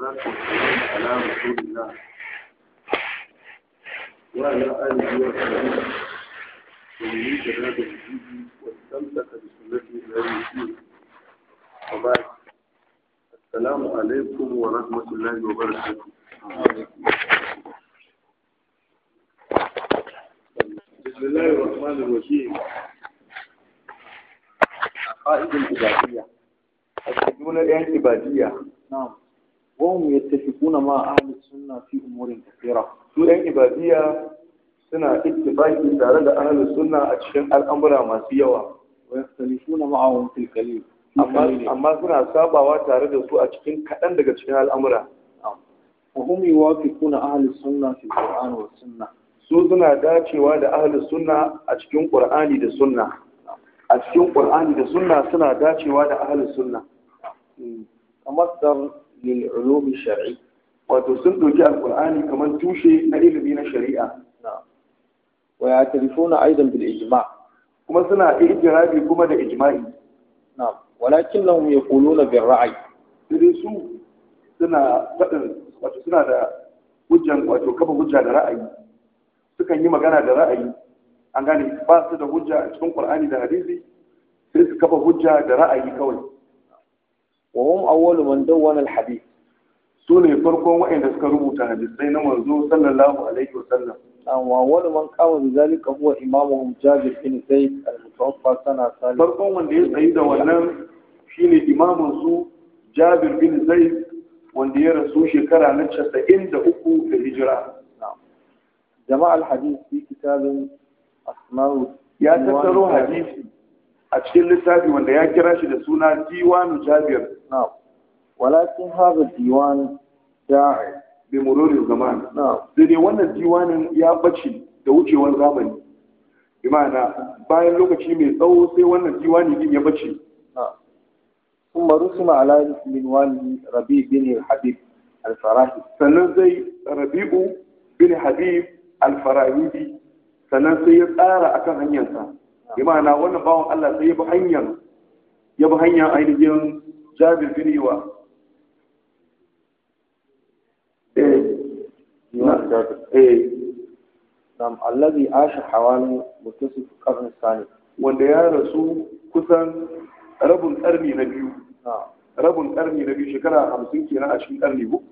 على رسول الله وعلى آله وصحبه ومن جراد الجيد واستمسك بسنته إلى الدين وبعد السلام عليكم ورحمة الله وبركاته بسم الله الرحمن الرحيم القائد الإبادية السجون الإبادية نعم وهم يتفقون مع أهل السنة في أمور كثيرة سورة إبادية سنة اتفاقي تارد أهل السنة أتشن الأمر ما سيوا ويختلفون معهم في الكليل amma suna sabawa tare da su a cikin kaɗan daga cikin al'amura. Wahum yi wafi kuna ahalus sunna fi Qur'an sunna. Su suna dacewa da ahalus sunna a cikin Qur'ani da sunna. A cikin ƙur'ani da sunna suna dacewa da ahalus sunna. min ulumi shar'i wa to sun doji alqur'ani kaman tushe na ilimi na shari'a na wa ya tarifuna aidan bil ijma kuma suna ijtihadi kuma da ijma'i na walakin lam yaquluna bil ra'i dirisu suna fada wato suna da hujja wato kafa hujja da ra'ayi suka yi magana da ra'ayi an gane ba su da hujja cikin qur'ani da hadisi sai su kafa hujja da ra'ayi kawai wa hum awwalu man dawwana al-hadith su ne farkon waɗanda suka rubuta hadisai na manzo sallallahu alaihi wa sallam an wa awwalu man qama bi zalika huwa imamuhum Jabir bin Zayd al-mutawaffa sana salih farkon wanda ya tsayi da wannan shine imamin su Jabir bin Zayd wanda ya rasu shekara na 93 da hijira jama'a al-hadith fi kitabin asma'u ya tattaro hadisi a cikin littafi wanda ya kira shi da suna diwanu jabir نعم ولكن هذا الديوان داعي بمرور الزمان نعم سيدي وانا الديوان يا بتشي da wucewar zamani imana bayan lokaci mai tsawo sai wannan diwani din ya bace kuma rusuma ala min wali rabi bin habib al-farahi sannan sai rabi'u bin habib al-farahidi sannan sai ya tsara akan hanyarsa imana wannan bawan Allah sai ya bi hanyar ya bi hanyar jabir bin yiwa eh, eh nam allazi asha hawalin mutasif qarn sani wanda ya rasu kusan rabin karni na biyu rabin karni na biyu shekara hamsin kenan a cikin karni ko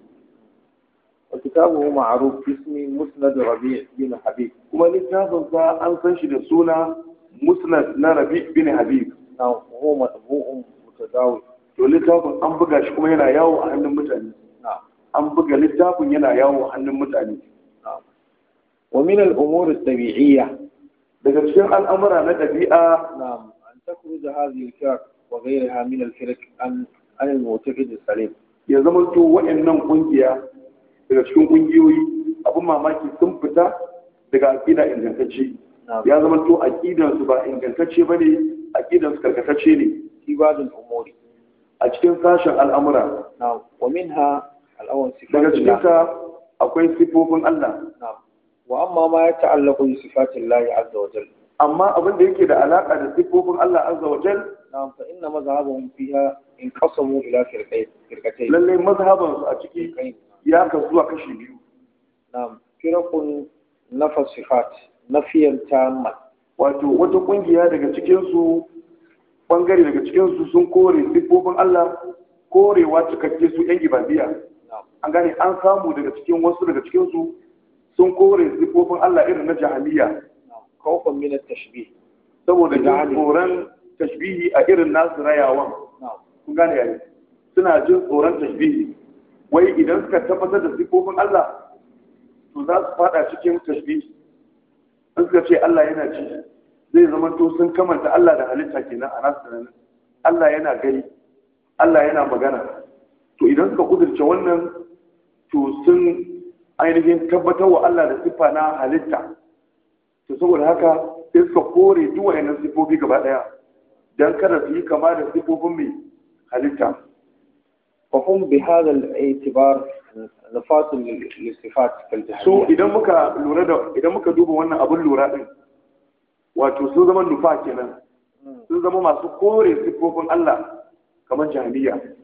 وكتابه معروف باسم مسند ربيع بن حبيب كما لكتاب ذا أنسنش لسونا مسند ربيع بن حبيب نعم وهو مطبوع متداول to littafin an buga shi kuma yana yawo a hannun mutane an buga littafin yana yawo a hannun mutane wa min al-umur tabiiyya daga cikin al'amura na ɗabi'a na'am an takhruj hadhihi al-firq wa ghayriha min al-firq an an al-mu'taqid salim ya zama to wa'annan kungiya daga cikin kungiyoyi abin mamaki sun fita daga aqida ingantacce ya zama to aqidan su ba ingantacce bane aqidan su karkatacce ne ibadul umuri a cikin sashen al'amura wa minha al'awan daga cikin akwai sifofin Allah wa amma ma ya ta'allaqu bi sifatin Allah azza wa jalla amma abin da yake da alaƙa da sifofin Allah azza wa jalla na'am fa inna mazhabahum fiha in qasamu ila firqatayn lalle mazhaban su a ciki ya kasu zuwa kashi biyu na firqun nafas sifat nafiyan tamma wato wata kungiya daga cikinsu. bangare daga cikinsu sun kore siffofin Allah korewa cikakke su yan ibadiya an gane an samu daga cikin wasu daga cikinsu sun kore siffofin Allah irin na jahiliya kawfan min tashbih saboda tsoron tashbihi a irin nasu rayawan kun gane yayi suna jin tsoron tashbihi wai idan suka tabbatar da siffofin Allah to za su fada cikin tashbihi suka ce Allah yana ci zai zama to sun kamanta Allah da halitta kenan a nasu tunanin Allah yana gari Allah yana magana to idan suka kudurce wannan to sun ainihin tabbatar wa Allah da siffa na halitta to saboda haka sai suka kore duk wayannan siffofi gaba daya dan kada su yi kama da siffofin mai halitta fa hum bi hadha al-i'tibar nafatu lil-sifat kal-jahiliyya so idan muka lura da idan muka duba wannan abun lura din wato sun zama nufa kenan sun zama masu kore siffofin Allah kamar jami'a.